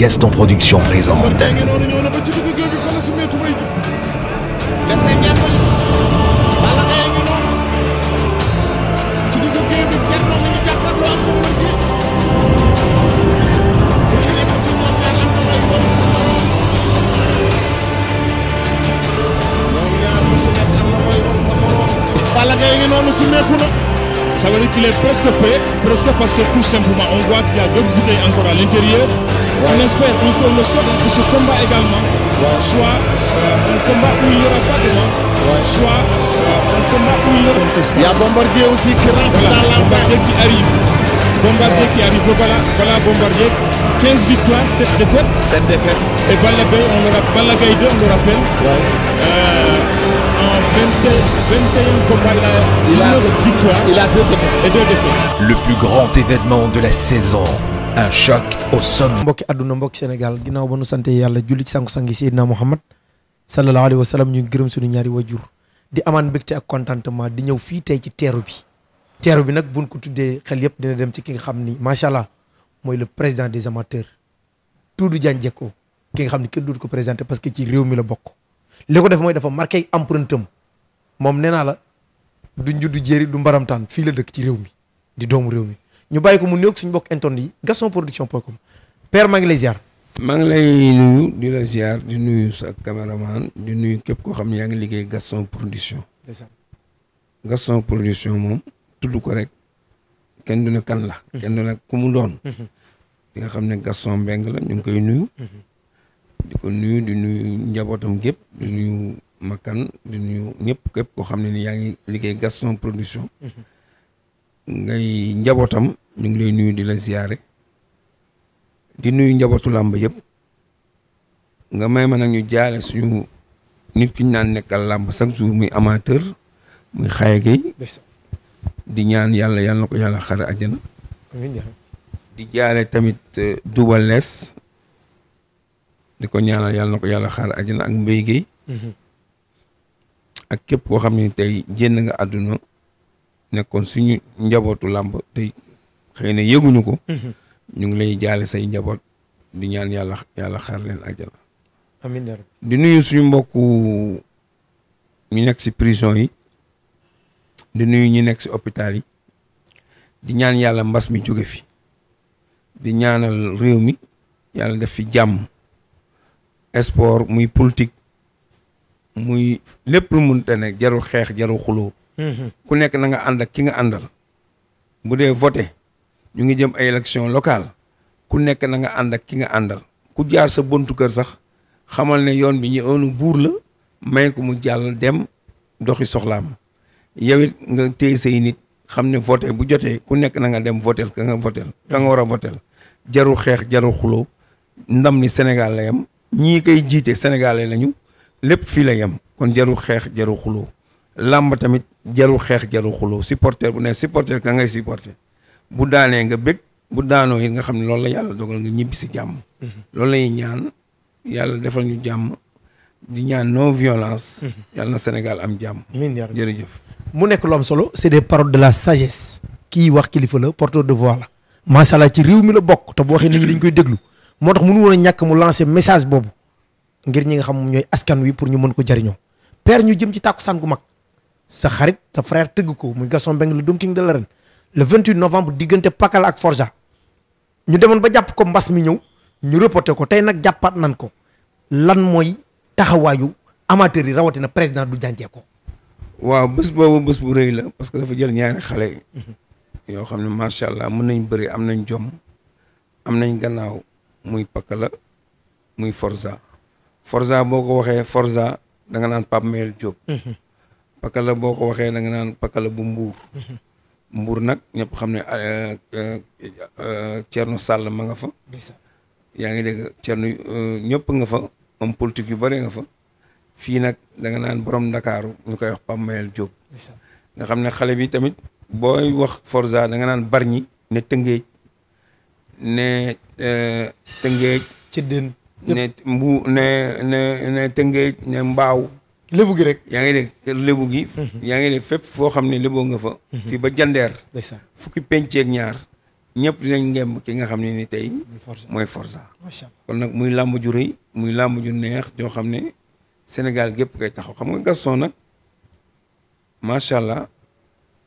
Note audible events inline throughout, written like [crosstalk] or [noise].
Gaston Production présente. Ça veut dire qu'il est presque prêt, presque parce que tout simplement on voit qu'il y a d'autres bouteilles encore à l'intérieur. On espère un jour le soir que ce combat également soit euh, un combat où il n'y aura pas de mort, soit euh, un combat où il y aura contestation. Il y a Bombardier aussi qui rentre voilà, dans l'ensemble. qui arrive. Bombardier qui arrive. Voilà, voilà Bombardier. 15 victoires, 7 défaites. 7 défaites. Et Balagaïde, on le rappelle, on le rappelle. Ouais. Euh, en 20, 21 combats, il a, il a victoires. Il a 2 défaites. Et 2 défaites. Le plus grand événement de la saison. un choc au mbokki àdduna mbokki Sénégal ginnaaw ba nu sant yàlla julli ci sangu sangi Seydina Muhammad sallallahu alayhi wa sallam ñu ngi suñu ñaari wajur di amaan mbégte ak contentement di ñëw fii tey ci teeru bi. teeru bi nag buñ ko tuddee xel yëpp dina dem ci ki nga xam ni macha allah mooy le président des amateurs du Diagne Diecko ki nga xam ni kenn duut ko présenté parce que ci réew mi la bokk. li ko def mooy dafa marqué empreinte am moom nee naa la du njuddu jéeri du mbaramtaan fii la dëkk ci réew mi di doomu réew mi. ñu bàyyi ko mu néew suñu bokk intone yi gaston production point com père maa ngi lay ziar. maa ngi lay nuyu di la ziar di nuyu sa caméraman di nuyu képp koo xam ne yaa ngi liggéey gaston production. gaston production moom tudd ko rek kenn du ne la. Mhm. kenn du ne mhm. nga xam ne gaston mbeng ñu ngi koy nuyu. Mhm. ko nuyu nuyu njabootam gépp di di nuyu ñëpp képp koo xam ne ni yaa ngi liggéey gaston production. ngay njabootam ñu ngi lay nuyu di la ziyaare di nuyu njabootu làmb yëpp nga may ma nag ñu jaale suñu nit ki ñu naan nekkal làmb chaque jour muy amateur muy xaye gay di ñaan yàlla yàlla na ko yàlla xare àjjana di jaale tamit euh, Double di ko ñaanal yàlla ko yàlla xaar àjjana ak mbéy géey mhm. ak képp koo xam ne tey jénn nga àdduna nekkoon suñu njabootu làmb tey xëy na yëguñu ko. Mhm. ñu ngi lañuy jaale say njaboot di ñaan yàlla yàlla xar leen ak amiin yaa di nuyu suñu mbokku ñu nekk si prison yi di nuyu ñu nekk si hôpital yi di ñaan yàlla mbas mi jóge fi di ñaanal réew mi yàlla def fi jàmm sport muy politik muy lépp lu mënta nekk jarul xeex jarul xuloo mhm. ku nekk na nga ànd ki nga àndal bu dee voté ñu ngi jëm ay élection locale ku nekk na nga ànd ak ki nga àndal ku jaar sa bontu kër sax xamal ne yoon bi ñu ënu buur la may ko mu jàll dem doxi soxlaam yow it nga téye say nit xam ne voté bu jotee ku nekk na nga dem votel ka nga votel ka nga war a votel jaru xeex jaru xuloo ndam ni Sénégal la yem ñii koy jiite sénégalais lañu lépp fii la yem kon jaru xeex jaru xuloo làmb tamit jaru xeex jaru xuloo supporter bu ne supporter ka ngay supporter bu daanee nga bég bu daanoo it nga xam ne loolu la yàlla dogal nga ñibbi si jàmm mm-hmm. loolu lañuy ñaan yàlla defal ñu jàmm di ñaan non violence mm-hmm. yàlla na Sénégal am jàmm jërëjëf mu nekk lu am solo c'est des paroles de la sagesse kii wax kilifa la porteur de voix la macha allah ci réew mi la bokk te bu waxee nit ñi dañ koy déglu moo tax mënu woon ñàkk mu lancer message boobu ngir ñi nga xam ñooy askan wi pour ñu mën ko jariñoo père ñu jëm ci tàkkusaan gu mag sa xarit sa frère tëgg ko muy Gaston Mbengue la Don King de l'arène le 28 novembre diggante Pakal ak Forja ñu demoon ba jàpp ko mbas mi ñëw ñu reporté ko tey nag jàppaat nan ko lan mooy taxawaayu amateurs yi rawatina président du jànjee ko waaw bës boobu bés bu rëy la parce que dafa jël ñaari xale yoo xam ne macha allah mën nañ bëri am nañ jom am nañ gannaaw muy Pakala muy Forza Forza boo ko waxee Forza da nga naan Pape Mayel Diop. Mhm. Pakala boo ko waxee da nga naan Pakala bu Mbuur mhm. mbur nag ñëpp xam ne euh, euh, euh, Thierno sàll ma nga fa. yaa ngi dégg Thierno ñëpp nga fa am politique yu bëri nga fa. fii nag danga nga naan borom ndakaaru ñu koy wax Pape Mayel nga xam ne xale bi tamit booy wax Forza danga naan naan Bargny ne Tëngéej ne Tëngéej. ci dën ne mbu ne ne ne ne Mbaaw. lébu gi rek yaa ngi dégg lébu gi mhm. yaa ngi dégg fépp foo xam ne léboo nga fa mhm. fii ba jandeer fukki penceeg ñaar ñëpp dinañ ngemb ki nga xam ne ni tey mooy Forza kon nag muy làmb ju rëy muy làmb ju neex joo xam ne Sénégal gépp kay taxaw xam nga Gaston nag macha allah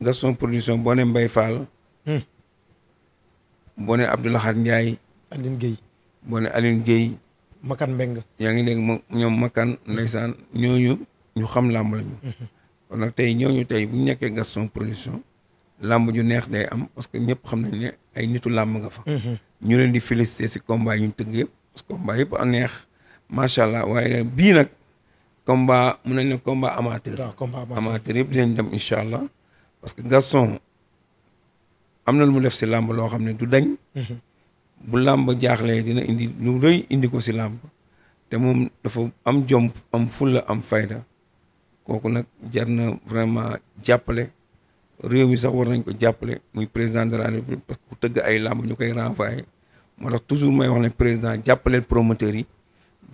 Gaston production boo ne Mbaye Fall hmm. boo ne Abdoulahat Ndiaye Aline Gueye boo ne Aline Gueye Makan Mbeng yaa ngi dégg ñoom Makan ndeysaan ñooñu ñu xam làmb lañu. Mm-hmm. kon nag tey ñooñu tey bu ñu nekkee Gaston production làmb ju neex day am parce que ñëpp xam nañ ne ay nitu làmb nga fa. Mm-hmm. ñu leen di féliciter si combat yi ñu tëgg yëpp parce que yëpp a neex macha allah waaye bii nag combat mun nañ ne combat amateur. amateur yëpp dinañ dem incha allah parce que Gaston am na lu mu def si làmb loo xam ne du dañ. Mm-hmm. bu làmb jaaxle dina indi lu rëy indi ko si làmb te moom dafa am jom am fulla am fayda. kooku nag jar na vraiment jàppale réew mi sax war nañ ko jàppale muy président de la république parce que ku tëgg ay làmb ñu koy renvoyé moo tax toujours may wax ne président jàppaleel promoteurs yi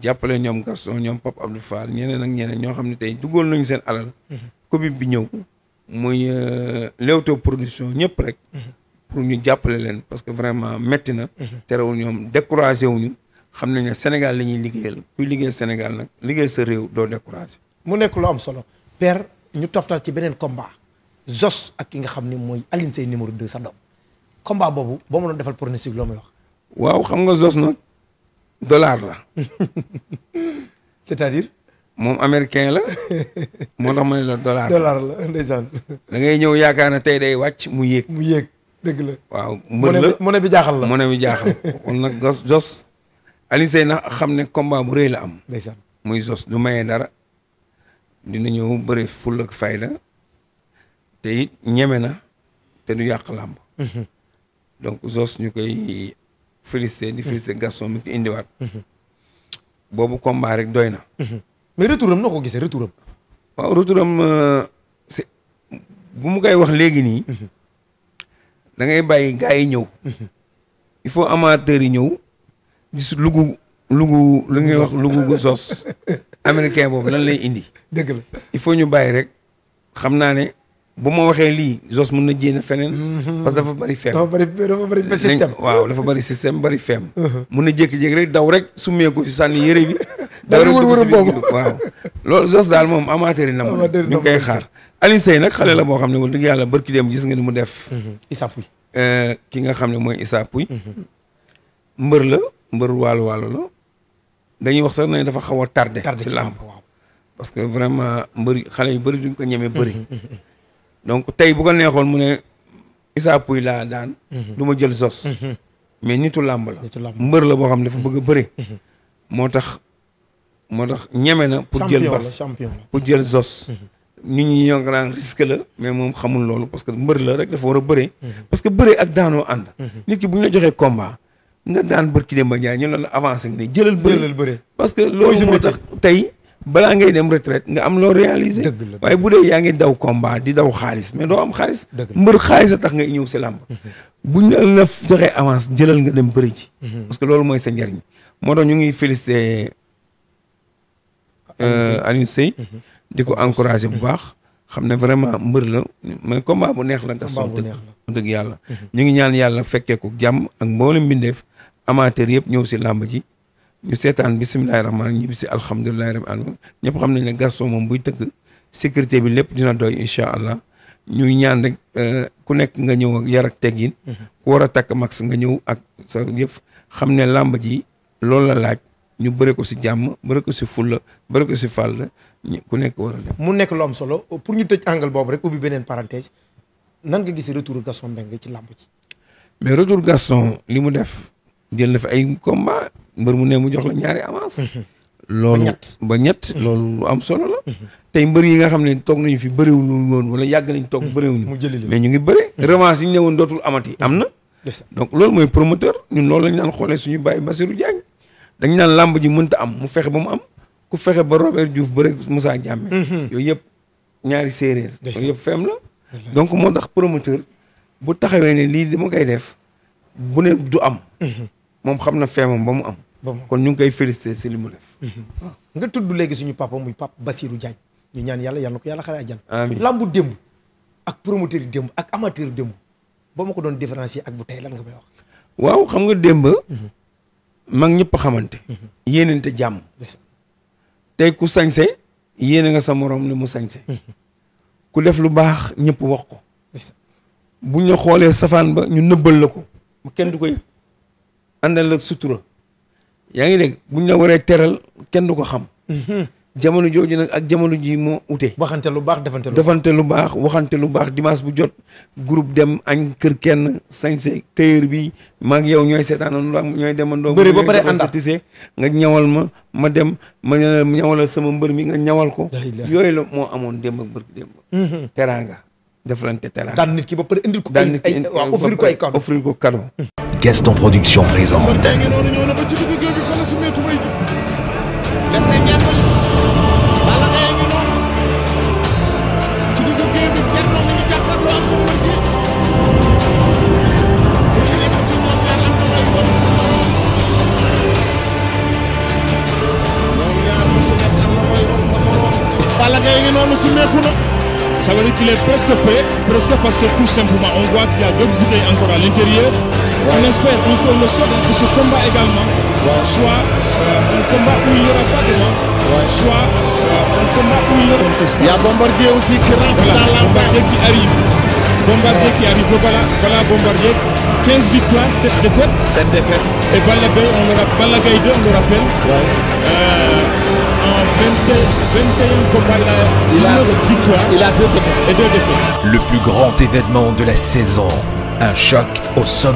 jàppale ñoom Gaston ñoom Pape Abdou Fall ñeneen ak ñeneen ñoo xam ne tey duggoon nañu seen alal. Mhm. Covid bi ñëw. muy euh, Leewtoo production ñëpp rek. Mhm. pour ñu jàppale leen parce que vraiment métti na. Mhm. terewul ñoom découragé ñu xam nañ ne Sénégal la ñuy liggéeyal kuy liggéey Sénégal nag liggéey sa réew doo découragé. mu nekk lu am solo per ñu toftal ci beneen combat Zoss ak ki nga xam ni mooy Alioune Seye numéro 2 sa doom combat boobu boo mënoon defal pronostic loo may wax. waaw xam nga zos nag dollar la. [laughs] c'est-à-dire. moom américain la [laughs] moo tax ma ne la dollar la dollar la ndeysaan. da ngay ñëw yaakaar ne tey day wàcc mu yéeg. mu yéeg dëgg la. waaw mën la mën bi jaaxal la mën bi jaaxal kon nag Zoss Alioune Seye na xam ne combat bu rëy la am. ndeysaan muy Zoss du maye dara. dina ñëw bëri ful ak fayda te it ñeme na te du yàq làmb mhm. donc Zos ñu koy félicité di félicité mhm. Gaston mi ko indiwaat mhm. boobu combat rek doy na mais retour noo ko gisee retour euh, bu mu koy wax léegi nii da ngay bàyyi gars yi ñëw il faut amateurs yi ñëw gis lugu lugu li wax lugu gu Zos [laughs] américain boobu lan lay indi. dëgg il faut ñu bàyyi rek xam naa ne bu ma waxee lii Zos mën na jéem feneen. Mhm. parce que waaw dafa bëri système bëri feem. Uh-huh. mun na jékki-jékki rek daw rek summeeku si sànni yére bi. [laughs] daw rek wër waaw. loolu Zos daal moom amateur na ma ñu ngi koy xaar Alioune Seye nag xale la boo xam ne wax dëgg yàlla barki mu gis nga ni mu def. Mm-hmm. Issa Pouye. Euh, ki nga xam ne mooy Issa Pouye. Mm-hmm. mbër la mbër waalo waalo la. dañuy wax sax ne dafa xaw a ci làmb parce que vraiment mbëri xale yu bëri duñ ko ñemee bëri. [laughs] donc tey bu ko neexoon mu ne Issa Pouye laa daan. Mhm. du ma jël Zoss. Mhm. mais nitu làmb la. mbër la boo xam ne dafa mhm. bëgg a bëri. moo tax moo tax ñeme na. pour jël Bass pour jël Zoss. ñu ñi ñoo naan la mais moom xamul loolu parce que mbër la rek dafa war a bëri. parce que bëri ak daanoo ànd. nit ki bu ñu la joxee combat. nga daan bërki dem ba ñaar ñu la avancé nga que loolu moo tax ngay dem retraite nga am loo réalisé waaye bu yaa ngi daw combat di daw xaalis mais doo am xaalis mbër xaalis a tax nga ñëw si làmb [laughs] buñ la avance jëlal nga dem bëri ji mhm. parce que loolu mooy sa njariñ moo tax ñu ngi félicité Alioune Seye euh, mhm. di ko encouragé bu mhm. baax xam ne vraiment mbër la mais combat bu neex la. combat bu neex la dëgg yàlla. Mhm. ñu ngi ñaan yàlla fekkee ko jàmm ak mboolem mbindeef amateur yëpp ñëw si làmb ji ñu seetaan bisimilah rahmaani rahiim ñibbi si alhamdulilah ñëpp xam nañ ne Gaston moom buy tëgg sécurité bi lépp dina doy incha allah ñuy ñaan rek euh, ku nekk nga ñëw ak yar ak teggin. Mhm. ku war a takk max nga ñëw ak sa yëpp xam ne làmb ji loolu la laaj ñu bëre ko si jàmm bëre ko si fulla bëre ko si fàll ku nekk war a mu nekk lu am solo pour ñu tëj angle boobu rek ubbi beneen parenthèse nan nga gisee retour Gaston Mbengue ci làmb ci. mais retour Gaston li mu def jël na fi ay combat mbër mu ne mu jox la ñaari avance. Mhm. loolu ba ñett mhm. loolu lu am solo la. Mhm. tey mbër yi nga xam ne toog nañu fi bëriwul woon wala yàgg nañ toog bëriwuñu. mu jëli mais ñu ngi bëri. revanche yi ñu ne woon dootul amati am na. donc loolu mooy promoteur ñun loolu lañ naan xoolee suñu bàyyi Basirou Diagne dañ naan làmb ji mënta am mu fexe ba mu am. ku fexe ba Robert Diouf ba rek Moussa Diame. Mhm. yooyu yëpp ñaari séeréer. yooyu yëpp feem la. donc moo tax promoteur bu taxawee ne lii dama koy def bu ne du am. Mhm. moom xam na feemam ba mu am. kon ñu ngi koy félicité si li mu def. Mhm. nga tudd léegi suñu papa muy papa Basirou Diagne ñu ñaan yàlla yàlla na ko yàlla xale àjjana. amiin lambu démb ak promoteur yi ak amateur démb ba mu ko doon différencier ak bu tey lan nga may wax. waaw xam nga démb. mag ñëpp xamante. yéenante jàmm. tey ku sañse yéene nga sa moroom li mu sañse [laughs] ku def lu baax ñépp wax ko buñ la xoolee safaan ba ñu nëbbal la ko kenn du koy àndal ak sutura yaa ngi dégg buñ la waree teral kenn du ko xam mhm. jamono jooju nag ak jamono ji moo ute. waxante lu baax defante lu baax defante lu baax waxante lu baax dimanche bu jot groupe dem añ kër kenn sañse téer bi maa ngi yow ñooy seetaanandoo ñooy demandoo. bëri ba pare ànda nga ñawal ma ma dem ma ñawalal sama mbër mi nga ñawal ko. yooyu la moo amoon démb ak bërki démb. Mm-hmm. teraanga deflante teraanga. daan nit ki ba pare indi ko. daan nit ki waaw offrir ko ay cadeau offrir mm-hmm. Production présente. sumeeku na ça veut dire qu'il est presque prêt presque parce que tout simplement on voit qu'il y a d'autres bouteilles encore à l'intérieur on espère on peut le souhaite que ce combat également soit un combat où il n'y aura pas de mort soit un combat où il y aura euh, contestation il y a Bombardier aussi qui rentre voilà, dans l'enceinte Bombardier qui arrive Bombardier qui arrive voilà voilà Bombardier 15 victoires 7 défaites 7 défaites et Balla Gaye on le rappelle Balla Gaye 2 on le rappelle ouais. euh, 21 Le plus grand événement de la saison, un choc au sommet.